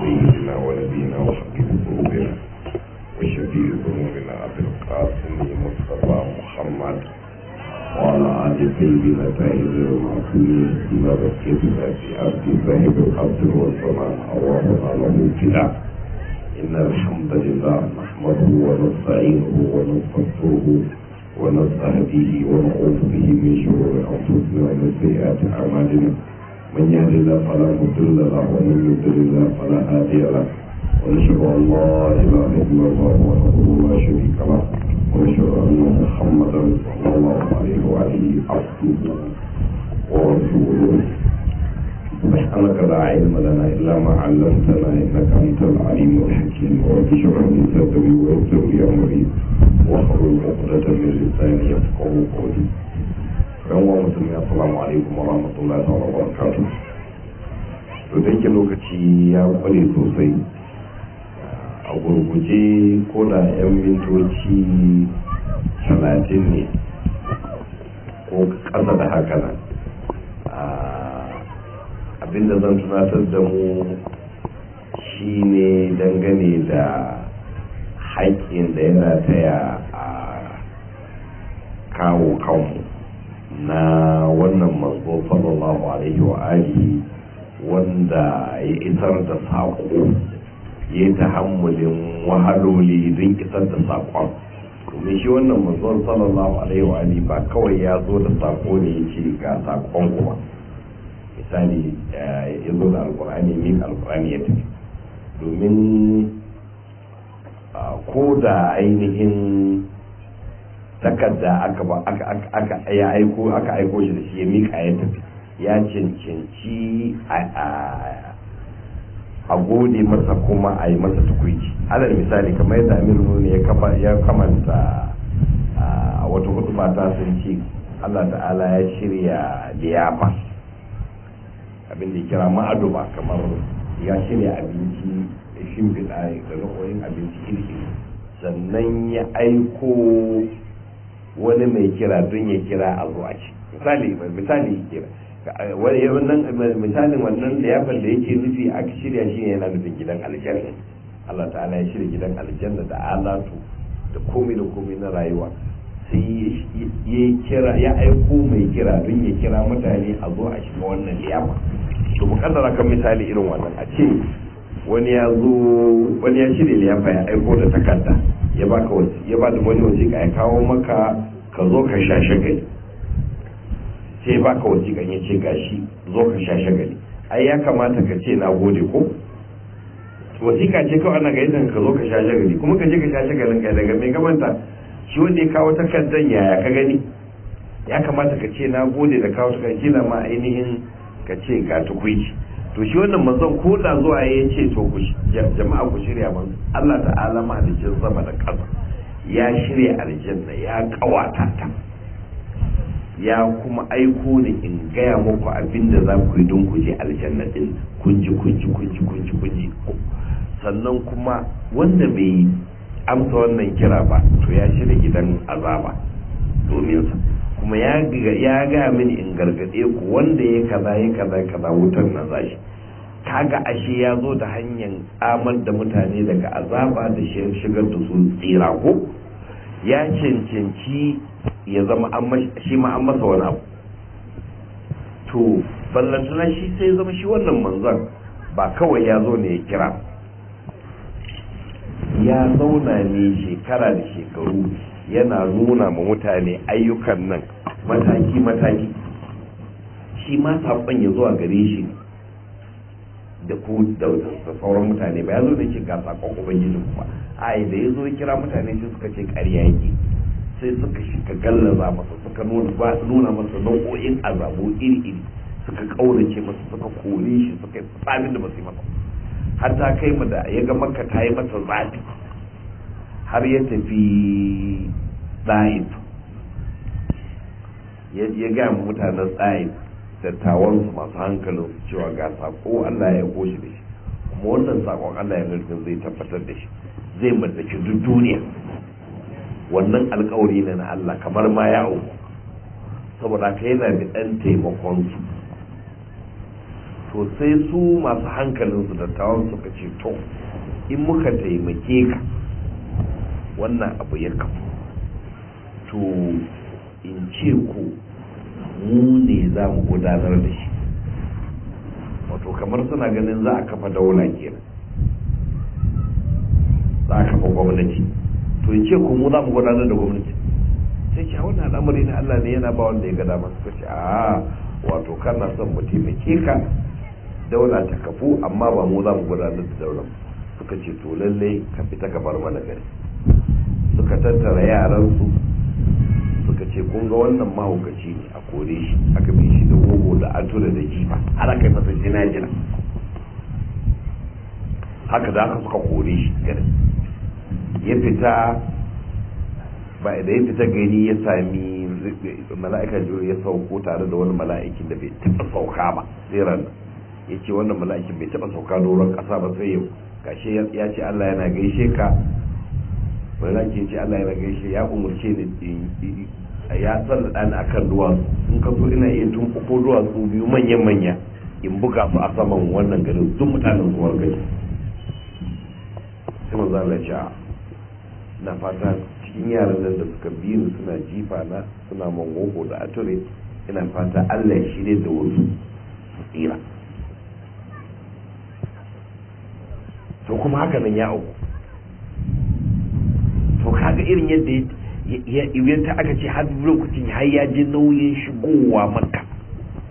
سيدنا ونبينا وحبيب قلوبنا وشفيع ذنوبنا ابي القاسم مصطفى محمد وعلى عهد سيدنا سائر المعصومين بما ذكرنا في عبد صاحب القدر والصنع اللهم له ان الحمد لله نحمده ونستعينه ونستغفره ونسأل به ونعوذ به من شرور أنفسنا ومن سيئات أعمالنا من يهد الله فلا مضل له ومن يضلل فلا هادي له ونشهد أن لا إله إلا الله وحده لا شريك له ونشهد أن محمدا صلى الله عليه وآله عبده ورسوله سبحانك لا علم لنا إلا ما علمتنا إنك أنت العليم الحكيم رب اشرح لي صدري ويسر لي أمري واحلل عقدة من لساني يفقهوا قولي yan uwa musulmi assalamu alaikum wa rahmatullahi wa barakatuh to da yake lokaci ya kware sosai a gurguje ko da yan mintoci talatin ne ko ƙasa da haka nan abinda zan tunatar da mu shi ne dangane da haƙƙin da yana taya a kawo kanmu na wannan manzo sallallahu alaihi wa alihi wanda ya isar da saƙo ya yi tahammulin wahaloli don isar da saƙon domin shi wannan manzo sallallahu alaihi wa alihi ba kawai ya zo da saƙo ne ya ce ga saƙon kuma misali eh, ya zo da alkur'ani min alkur'ani ya tafi domin ah, ko da ainihin takarda aka ba aka ya aiko aka aiko shi da shi ya mika ya tafi ya cancanci a gode masa kuma a yi masa tukuici alal misali kamar yadda amir ne ya kamanta ah, a wata hutu ta sun ce allah ta'ala ya shirya liyafa abin da ya kira ba kamar ya shirya abinci ya shimfiɗa da nau'o'in abinci iri sannan ya aiko wani mai kira don ya kira a zuwa ci misali misali kira misali wannan da ya da yake nufi a shirya shi yana nufin gidan aljanna Allah ta'ala ya shirya gidan aljanna da alatu da komai da komai na rayuwa sai ya kira ya aiko mai kira don ya kira mutane a zo a shiga wannan liyafa to mu kaddara kan misali irin wannan a ce wani ya zo wani ya shirya liyafa ya aiko da takarda ya baka wasi ya da wani wasiƙa ya kawo maka ka zo ka shashe gari sai baka wasiƙan ya ce gashi zo ka shashe gari ai ya kamata ka ce na gode ko wasiƙa ce kawai ana gaisan ka zo ka shashe gari kuma ka je ka shashe garin kai daga mai gamanta shi wanda ya kawo takardan yaya ka gani ya kamata ka ce na gode da kawo takardar kila ma ainihin ka ce ga tukuici to shi wannan manzon ko da zuwa ya ce to jama'a ku shirya man Allah ta'ala jin sama da ƙasa ya shirya aljanna ya kawata ta ya kuma aiko ni in gaya muku abinda da za ku yi don ku je aljanna din ji kun ji kun ji sannan kuma wanda bai amsa wannan kira ba to ya shirya gidan azaba domin sa kuma ya ga mini in gargaɗe ku wanda ya kaza ya kaza kaza wutar na zashi kaga ashe ya zo da hanyar amar da mutane daga azaba da shigar da su tsira ko ya cancanci ya zama shi ma an masa wani abu to ballantana shi sai zama shi wannan manzon ba kawai ya zo ne ya kira ya zauna ne shekara da shekaru yana nuna ma mutane ayyukan nan mataki mataki shi ma saƙon ya zuwa gare shi da ku da sauran mutane ba ya zo da ce ga saƙon ubangijin kuma a da ya zo kira mutane sai suka ce ƙarya yake sai suka shiga gallaza masa suka nuna masa nau'o'in azabu iri-iri suka ƙaurace masa suka kore shi suka yi tsamin da ba su yi masa har ta kai mu da ya ga maka ta yi masa zafi har ya tafi tsayin ya gaya mutanen tsaif dattawansu masu hankalin su cewa ga sako Allah ya goshi da shi kuma wannan sakon Allah ya rarrafin zai tabbatar da shi zai mallaki duk duniya wannan alkawari na na Allah kamar ma ya uku saboda ka yana da ɗan taimakon su to sai su masu hankalin su dattawan suka ce to in muka taimake ka wannan abu ya kafu to in ce ku mu ne za mu gudanar da shi wato kamar suna ganin za a kafa daula kenan za a kafa gwamnati to in ce ku mu za mu gudanar da gwamnati sai ce wannan al'amari na Allah ne yana ba wanda ya gada masa sai ce a wato kana son mu taimake ka daula ta kafu amma ba mu za mu gudanar da daular suka ce to lallai ka fita ka bar mana gari suka tattara yaransu suka ce kun ga wannan mahaukaci ne a kore shi aka bi shi da gogo da atura da jifa har aka yi masa jina-jina haka da aka suka kore shi gari ya fita ba da ya fita gani ya sami mala'ika jiro ya sauko tare da wani mala'ikin da bai taɓa sauka ba sai ran ya ce wannan mala'ikin bai taɓa sauka doron ƙasa ba sai yau gashi ya ce Allah yana gaishe ka malaki ce Allah yana shi ya umurce ni ya san dan akan duwatsu sun ka zo ina iya ko duwatsu biyu manyan manya in buga su a saman wannan garin duk mutanen su gari. sai manzo Allah ya na fata cikin yaran da suka bi ni suna jifa na suna mangogo da ature ina fata Allah ya shirye da wasu tsira to kuma haka nan ya auku kaga irin yadda yanta aka ce har lokacin har ya ji nauyin shigowa maka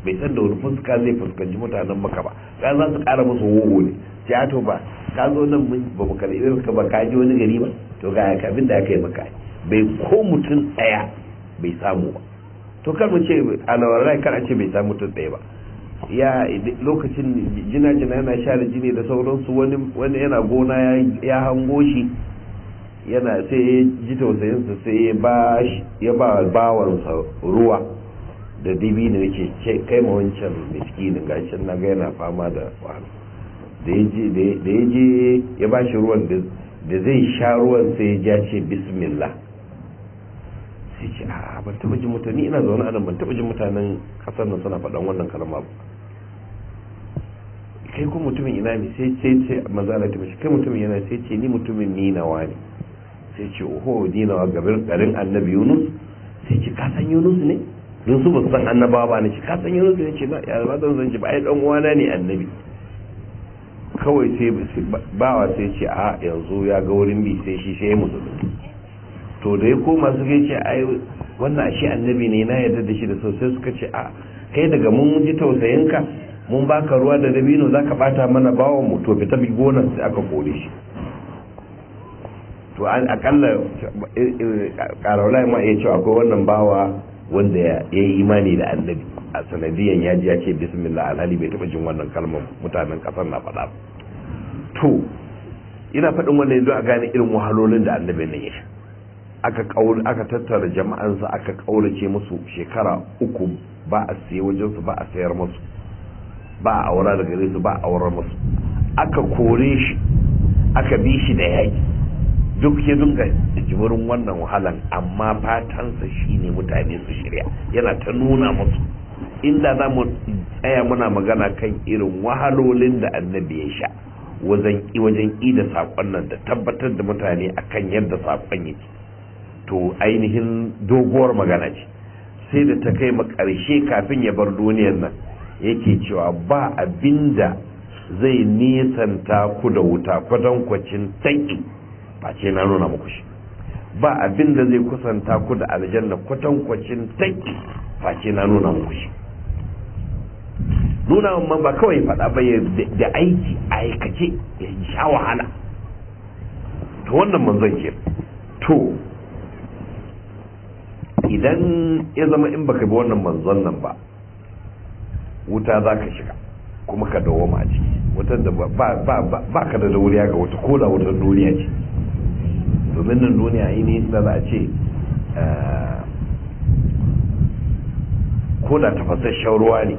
bai san da wani fuska zai fuskanci mutanen maka ba ka za su kara musu wowo ne ce a to ba ka zo nan mun ba mu kalli irin ka ba ka ji wani gari ba to ga kafin da aka yi maka bai ko mutum ɗaya bai samu ba to kar mu ce alawarai kar a ce bai samu mutum ɗaya ba ya lokacin jina jina yana share jini da sauransu wani yana gona ya hango shi yana sai ya ji tausayinsa sai ya ba bawansa ruwa da dibi ne yake kai ma wancan miskinin gashin na ga yana fama da wahala da ya je ya ba shi ruwan da zai sha ruwan sai ya ja ce bismillah sai ce a ban taba jin mutane ina zaune a nan ban taba jin mutanen kasar nan suna faɗan wannan kalama ba kai ko mutumin ina ne sai ce ce maza mashi kai mutumin yana sai ce ni mutumin ni nawa ne sai ce oho dina wa gabar garin annabi yunus sai ce ka san yunus ne don su ba san annabawa ba ne ce ka san yunus ne ce na ya ba zan san shi ba ai dan uwana ne annabi kawai sai bawa sai ce a yanzu ya ga wurin bi sai shi sai musulmi to da ya koma suka ce ai wannan ashe annabi ne na yadda da shi da sosai suka ce a kai daga mun ji tausayinka mun baka ruwa da dabino zaka bata mana bawan mu to fita bi gonar sai aka kore shi to an akalla ƙaraula eh, eh, ma ya ce akwai wannan bawa wanda ya yi imani da annabi a sanadiyan ya ji ya ce bismillah alhali bai taɓa jin wannan kalmar mutanen ƙasar na faɗa to ina faɗin wannan yanzu a gane irin wahalolin da annabi nan ya aka aka tattara jama'ansa aka ƙaurace musu shekara uku ba a siye su ba a sayar musu ba a aura daga gare su ba a aura musu aka kore shi aka bi shi da yaki. duk ya dinga jimurin wannan wahalan amma fatansa shi ne mutane su shirya yana ta nuna musu inda za mu tsaya muna magana kan irin wahalolin da annabi ya sha wajen ida saƙon nan da tabbatar da mutane akan yadda saƙon yake to ainihin doguwar magana ce sai da ta kai ƙarshe kafin ya bar duniyar nan yake cewa ba abinda zai nisanta ku da wuta kwatankwacin tanki ba ce na nuna muku shi ba abin da zai kusanta ku da aljanna kwatankwacin ba ce na nuna muku shi nuna ma ba kawai faɗa ba da aiki aikace ya sha wahala to wannan manzon ke to idan ya zama in baka bi wannan manzon nan ba wuta za ka shiga kuma ka dawo a ciki wutar da ba ka da dauriya ga wata da wutar duniya ce domin nan duniya ne da za a ce eh, ko da tafasasshen ruwa ne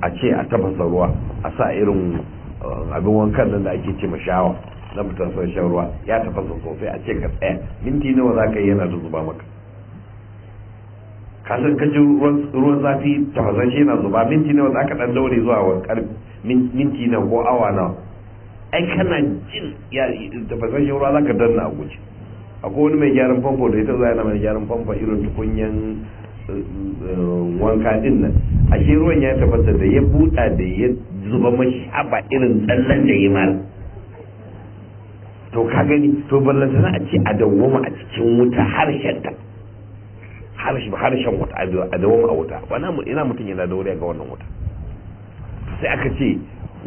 a ce a tafasa ruwa a sa irin eh, abin wankan nan da ake ce mashawa na mutan son ruwa ya tafasa sosai a ce ka tsaya minti nawa za ka yi yana da zuba maka kasan kaji ruwan zafi tafasashe yana zuba minti nawa za ka dan daure zuwa minti na ko awa nawa ai kana jin ya da fasan shaura zaka danna a guji akwai wani mai gyaran famfo da ita za yana mai gyaran famfo irin tukunyan eh, wanka din nan shi ruwan ya tabbata da ya buɗa da ya zuba mashi haba irin tsallan da ya mara to ka gani to ballantana a ce a dawwama a cikin wuta harshen ta harshen wuta a dawwama a wuta ina mutum yana da wuri ga wannan wuta sai aka ce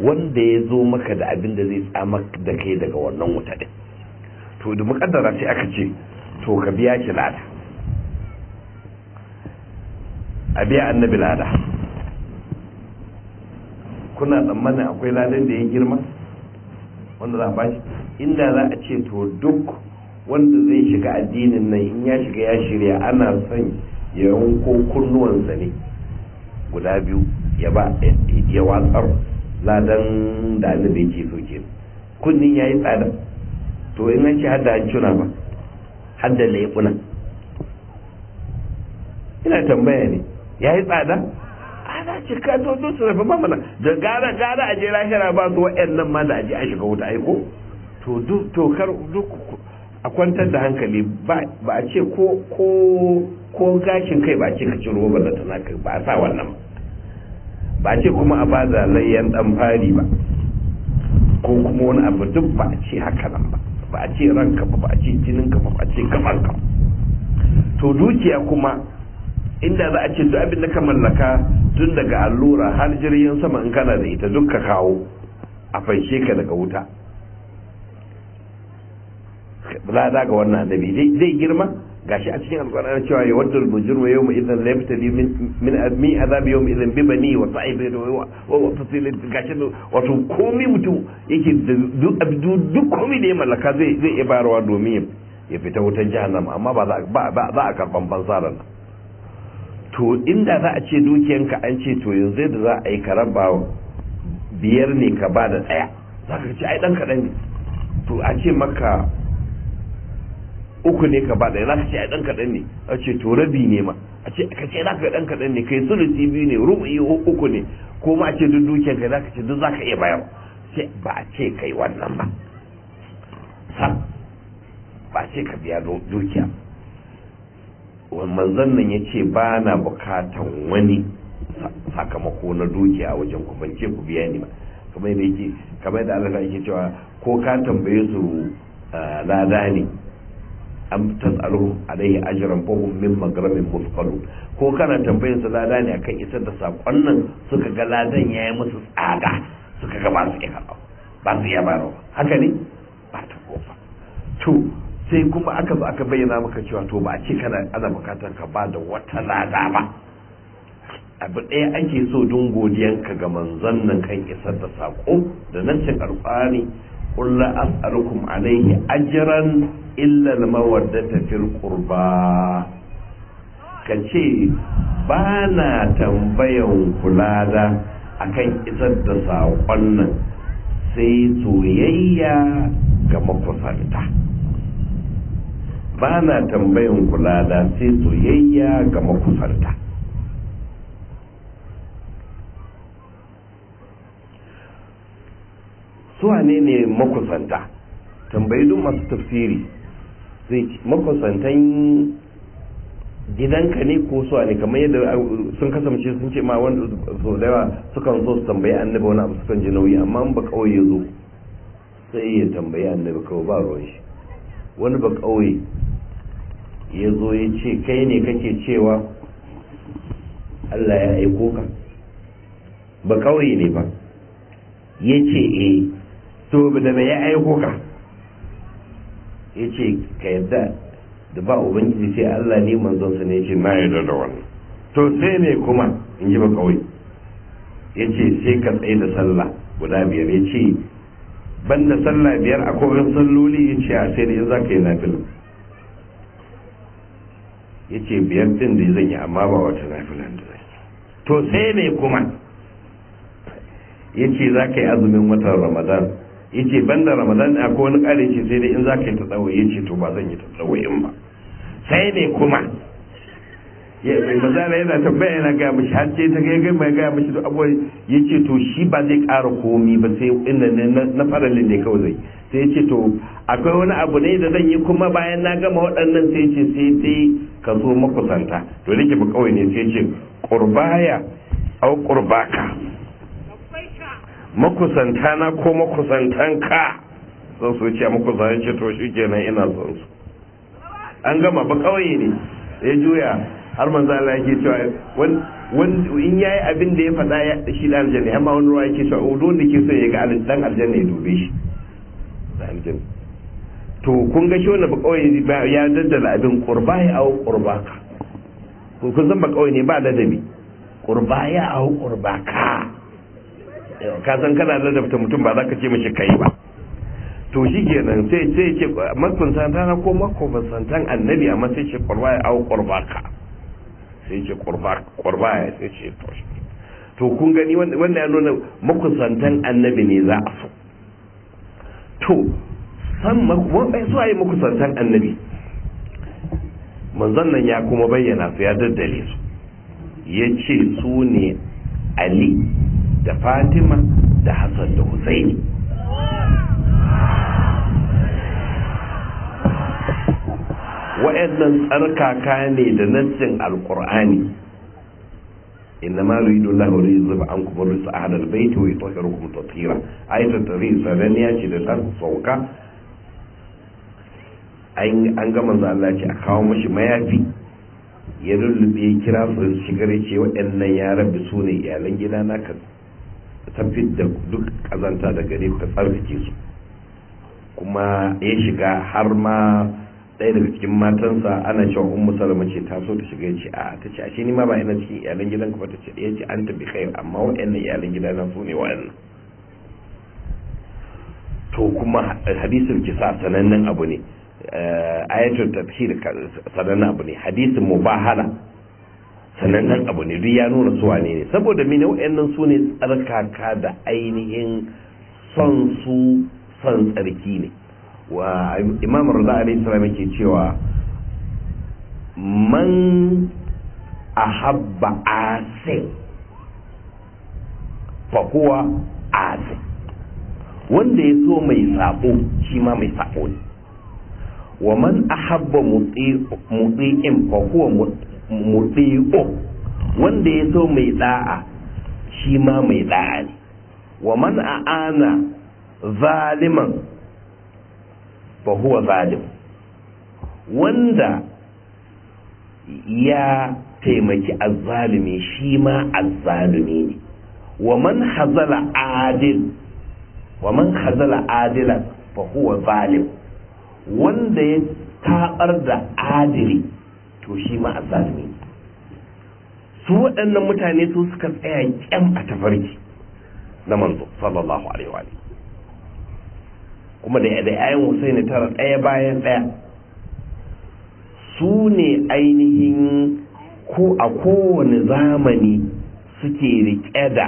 wanda ya zo maka da abin da zai tsama da kai daga wannan wuta din to da makaddara sai aka ce to ka biya ki lada a biya annabi lada kuna tsammanin akwai ladan da ya girma wanda za a shi inda za a ce to duk wanda zai shiga addinin nan in ya shiga ya shirya ana son ya yanko kunnuwansa ne guda biyu ya watsar ladan da annabi yake so ke kunnin yayi tsada to in an ce har da hancuna ba har da laifuna ina tambaya ne yayi tsada ana cika to to su rafa mamala da gara gara a je lahira ba su wa'annan ma da aje a shiga wuta aiko to duk to kar duk a kwantar da hankali ba a ce ko ko ko gashin kai ba a ce ka ci ba da tana ba a sa wannan ba ba ce kuma a ba layyan dan fari ba ko kuma wani abu duk ba a ce haka nan ba ba a ce ranka ba ba a ce jininka ba ba a ce gaban ka to dukiya kuma inda za a ce duk abin da ka mallaka tun daga allura har jirgin sama in kana da ita duk ka kawo a fanshe ka daga wuta za ga wannan annabi zai girma gashi a cikin alƙur'ani cewa ya waddal bujurma yau mu idan la yabtali min min azabi yau mu idan bi bani wa sa'ibi wa wa fasilin gashi wato komai mutum yake duk komai da ya mallaka zai zai iya bayarwa domin ya fita wutan jahannama amma ba za a karban banza nan to inda za a ce dukiyanka an ce to yanzu da za a yi karaba biyar ne ka ba da tsaya za ka ce ai dan kaɗan ne to a ce maka uku ne ka ba za ka ce a ɗan kaɗan ne a ce to rabi ne ma a ce ka ce za ka ɗan kaɗan ne kai sulusi biyu ne rubu'i uku ne ko ma a ce duk dukiyar ka za ka ce duk za ka iya bayar sai ba a ce kai wannan ba sam ba a ce ka biya dukiya manzon nan ya ce ba na bukatan wani sakamako na dukiya wajen ku bance ku biya ni ba kamar da yake kamar da Allah yake cewa ko ka tambaye su eh, lada ne am tas'aluhu alaihi ajran fa hum min magramin musqalun ko kana tambayar su lada ne akan isar da sakon nan suka ga ladan yayi musu tsada suka ga ba su iya karɓa ba su iya bayarwa haka ne ba ta kofa to sai kuma aka zo aka bayyana maka cewa to ba a ce kana ana bukatar ka ba da wata lada ba abu ɗaya ake so don ka ga manzon nan kan isar da sako da nan cin alƙwari kullu as'alukum alaihi ajran illal mawaddata fil qurba ka ce ba na tambayan kulada akan isar da saƙon nan sai soyayya ga makusanta ba na tambayan kulada sai soyayya ga makusanta Su ne makusanta tambayi duk masu tafsiri zai ci makusantan gidanka ne ko suwa ne kamar yadda uh, sun kasance sun ce ma wanda so da yawa sukan zo su tambayi annabi wani abu sukan ji nauyi amma ba kawai ya zo sai ya tambayi annabi kawai ba ruwan shi wani ba kawai ya zo ya ce kai ne kake cewa Allah ya aiko ka ba kawai ne ba ya ce eh to da ya aiko ka ya ce ka yadda da ba ubangiji sai Allah ne manzonsa ne ya ce na yadda da wani to sai ne kuma in ji ba kawai ya ce sai ka tsaye da sallah guda biyar ya ce ban da sallah biyar a kogin salloli ya ce a sai da yin za ka yi nafila ya ce biyar din da zan yi amma ba wata nafila da zai. to sai ne kuma ya ce za ka yi azumin watan ramadan yace da ramadan da akwai wani ƙari ce sai dai in za ka yi ta tsawo ce to ba zan yi ta tsawo in ba sai ne kuma mazala yana tambaya yana gaya mashi har ce ta gaya mai gaya mashi to abuwa ya ce to shi ba zai ƙara komi ba sai inda na faralin ne kawai zai sai ya ce to akwai wani abu ne da zan yi kuma bayan na gama waɗannan sai ce sai dai ka zo makusanta to da ke ba kawai ne sai ce ƙurbaya au ƙurbaka Makusantana ko makusantan ka sun so ce makusantan ce to shi kenan ina son su an gama ba kawai ne ya juya har manzo Allah yake cewa in yayi abin da ya faɗa shi da aljanna amma wani ruwa yake cewa don da ke so ya ga dan aljanna ya dube shi da aljanna to kun ga shi wannan ba kawai ya daddala abin qurba ya au qurbaka ko kun san ba kawai ne ba ladabi qurba ya au qurbaka ka san kana ladabta mutum ba za ka ce mishi kai ba to shi kenan sai sai ce makusantan ko makusantan annabi amma sai ce qurba ya au ka sai ce qurba qurba ya sai ce to to kun gani wanda ya nuna makusantan annabi ne za a so to san makusantan su ayi makusantan annabi manzon nan ya kuma bayyana su ya daddale su ya ce su ne ali da fatima da hassan da husaini wa'annan tsarkaka ne da nassin alkur'ani inna ma yuridu Allahu li yuzhiba ankum ar-rijsa ahla al-bayt wa yutahhirukum tathira ayatul tariq ya ce da ta sauka an gama manzo Allah ce a kawo mashi mayafi ya lullube ya kira su shigar ce waɗannan ya rabbi su ne iyalan gidana ka ta fidda duk kazanta da gare ku ta tsarkake su kuma ya shiga har ma ɗaya daga cikin matansa ana cewa un salama ce ta so ta shiga ya ce a ta ce ashe ni ma ba ina cikin iyalan ka ba ta ce ya ce an tabi kai amma waɗannan iyalan na su ne waɗannan to kuma hadisin kisa sanannen abu ne eh, ayatul tafsir sanannen abu ne hadisin mubahala sanannen abu ne duk ya nuna su wane ne saboda mene nan su ne tsarkaka da ainihin son su son tsarki ne wa imam rada alayhi salam yake cewa man ahabba asin fa kuwa asin wanda ya so mai sabo shi ma mai sabo ne wa man ahabba muti'in fa kuwa muti'in muti'u wanda ya so mai da'a shi ma mai da'a ne wa man a'ana zaliman fa huwa zalim wanda ya taimaki azzalumi shi ma azzalumi ne wa man hazala adilan fa huwa zalim wanda ya tabar da adili to shi ma a azzalimi su waɗannan mutane su suka tsaya kyam a tafarki na manzo sallallahu alaihi wa kuma da husain ta tara ɗaya bayan ɗaya su ne ainihin ko a kowane zamani suke riƙe da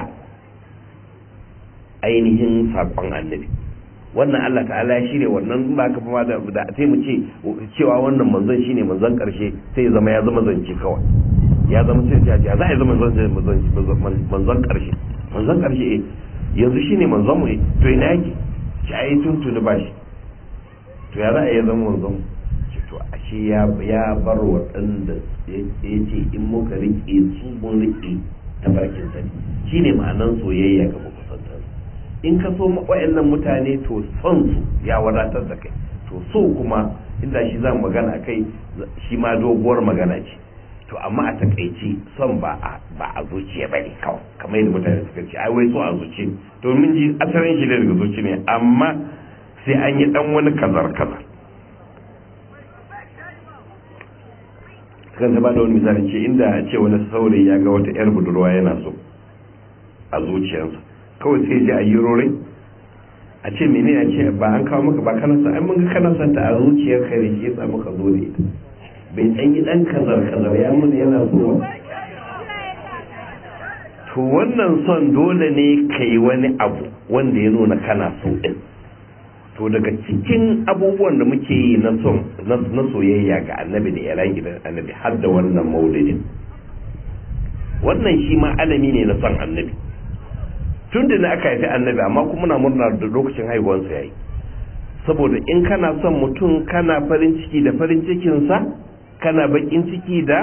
ainihin saƙon annabi wannan Allah ta'ala ya shirya wannan ba ka fama da sai mu ce cewa wannan manzon shine manzon karshe sai ya zama ya zama zance kawai ya zama sai ya za a zama manzon karshe manzon karshe eh yanzu shine manzon mu eh. to ina yake ci ayi tuntuni ba shi to ya za a ya zama manzon ce to ashe ya ya bar waɗanda ya ce in muka riƙe su mun riƙe tabarkin sani shine ma'anan soyayya ga mu in ka so waɗannan mutane to son su ya wadatar da kai to so kuma inda shi zan magana kai shi ma doguwar magana ce to amma a takaice son ba a ba a zuciya bane kawai kamar yadda mutane suka ce ai wai so a zuci to mun ji asalin shi daga zuci ne amma sai an yi dan wani kazar kazar kan ba da wani misali ce inda ce wani saurayi ya ga wata yar budurwa yana so a zuciyarsa kawai sai ji a yi rorai a ce mene a ce ba an kawo maka ba kana san an mun kana san ta a zuciyar ka ne shi yasa zo da ita bai dan yi dan kazar kazar ya mun yana zo to wannan son dole ne kai wani abu wanda ya nuna kana so din to daga cikin abubuwan da muke yi na son na soyayya ga annabi da yaran gidan annabi har da wannan maulidin wannan shi ma alami ne na son annabi tun da aka haifi annabi amma kuma muna murna da lokacin haihuwansa yayi saboda in kana son mutum kana farin ciki da farin cikinsa kana bakin ciki da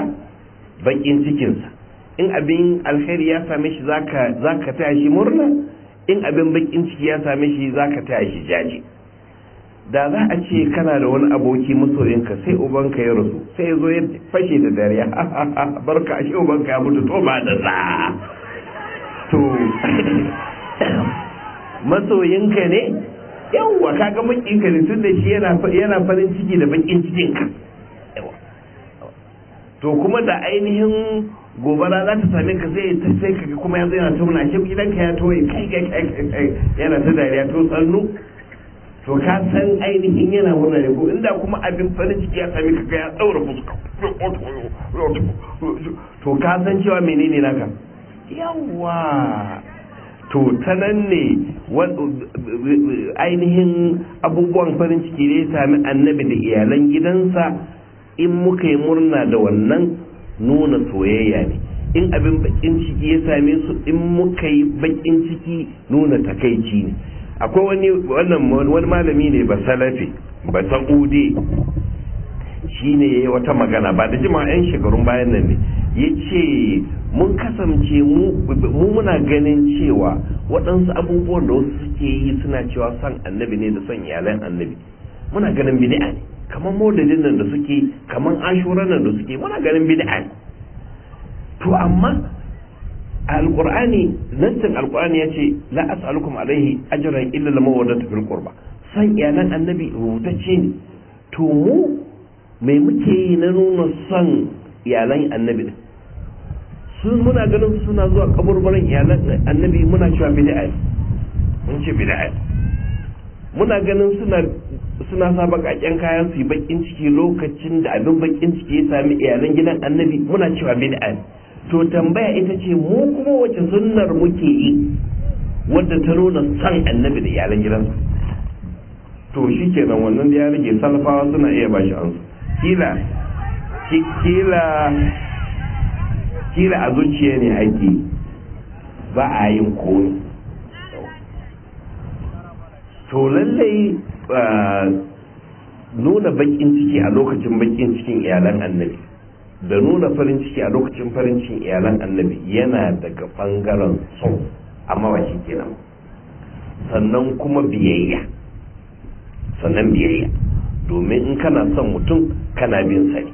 bakin cikinsa in abin alkhairi ya same shi zaka zaka taya shi murna in abin bakin ciki ya same shi zaka taya shi jaji da za a ce kana da wani aboki masoyinka sai ubanka ya rasu sai ya zo ya fashe da dariya barka ashe ubanka ya mutu to ba da za to masoyinka ne yawwa kaga ka ne tunda shi yana farin ciki da bakin cikinka to kuma da ainihin gobara za ta same ka sai ta sai ka kuma yanzu yana tona shi gidan ka ya toye kai kai kai yana ta dariya to tsannu to ka san ainihin yana wuna ne ko inda kuma abin farin ciki ya same ka ya tsaura fuska to ka san cewa menene naka yawwa to ta nan ne ainihin abubuwan farin ciki da ya sami annabi da iyalan gidansa in muka yi murna da wannan nuna soyayya ne in abin bakin ciki ya same su in muka yi bakin ciki nuna takaici ne akwai wani wannan wani malami ne ba salafi ba sa'ude shi ne ya yi wata magana ba da jima 'yan shekarun bayan nan ne ya ce mun kasance mu muna ganin cewa waɗansu abubuwan da wasu suke yi suna cewa son annabi ne da son iyalan annabi muna ganin bid'a ne kamar maulidin nan da suke kamar ashura nan da suke muna ganin bid'a ne to amma alqur'ani nassin alqur'ani ce la as'alukum alaihi ajran illa lama wadatu fil qurba san iyalan annabi rubutacce ne to mu me muke yi na nuna son iyalan annabi sun muna ganin suna zuwa kaburburan iyalan annabi muna cewa bid'a mun ce bid'a muna ganin suna suna sa bakakken kayan su yi bakin ciki lokacin da abin bakin ciki ya sami iyalan gidan annabi muna cewa bid'a to tambaya ita ce mu kuma wace sunnar muke yi wadda ta nuna san annabi da iyalan gidansa to shi nan, wannan da ya rage salafawa suna iya bashi su kila kila kila a zuciya ne ake ba a yin koyi to lallai ah, nuna bakin ciki a lokacin bakin cikin iyalan annabi da nuna farin ciki a lokacin farin cikin iyalan annabi yana daga bangaren so amma ba shi kenan sannan kuma biyayya sannan biyayya domin in kana son mutum kana bin sani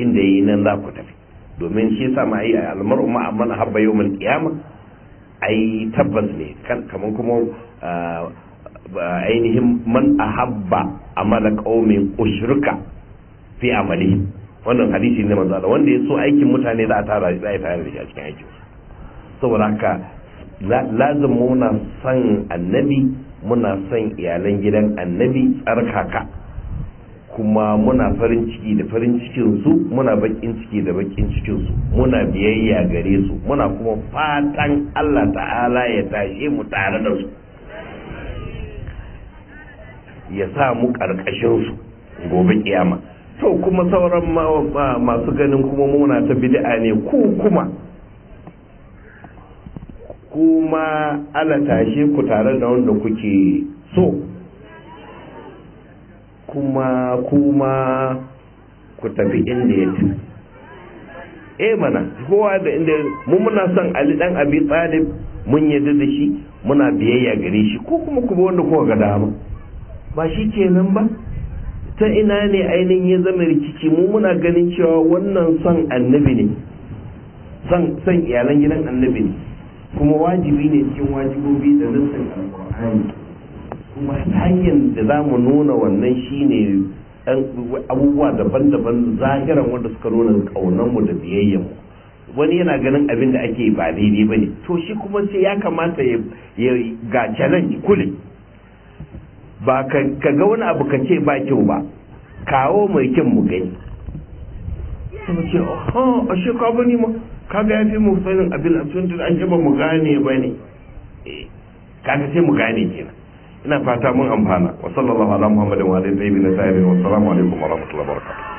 inda yi nan za ku tafi domin shi yasa ma ai almar'u ma amman habba yawmal qiyama ai tabbas ne kan kaman kuma ainihin man ahabba amala qaumin ushrika fi amali wannan hadisi ne manzo Allah wanda yaso aikin mutane za a tara za a tare da shi a cikin aikin saboda haka lazim muna san annabi muna san iyalan gidan annabi tsarkaka kuma muna farin ciki da farin su muna bakin ciki da bakin cikinsu muna biyayya gare su muna kuma fatan Allah ta'ala ya tashe mu tare da su ya sa mu su gobe kiyama to kuma sauran masu ganin kuma muna ta bid'a ne ku kuma kuma allah tashe ku tare da wanda kuke so kuma kuma ku tafi inda ya ci eh mana kowa da inda mu muna son ali dan abi talib mun yadda da shi muna biyayya gare shi ko kuma ku bi wanda kuka ga dama ba shi kenan ba ta ina ne ainihin ya zama rikici mu muna ganin cewa wannan son annabi ne son iyalan gidan annabi ne kuma wajibi ne cikin wajibobi da nassan alkur'ani hanyar da za mu nuna wannan shine abubuwa daban-daban zahiran wanda suka nuna kaunanmu da biyayyanmu wani yana ganin abin da ake ba daidai ba ne to shi kuma sai ya kamata ya ga challenge kulin ba ka ga wani abu ka ce ba kyau ba kawo mai kyan mu gani kuma ce a ashe ka bani ma kaga yafi mu sanin abin a tun an ba mu gane ba ne eh, kaga sai mu gane kenan ina fata mun amfana wa sallallahu ala muhammadin wa alihi wa sahbihi wa assalamu alaikum wa rahmatullahi wa barakatuh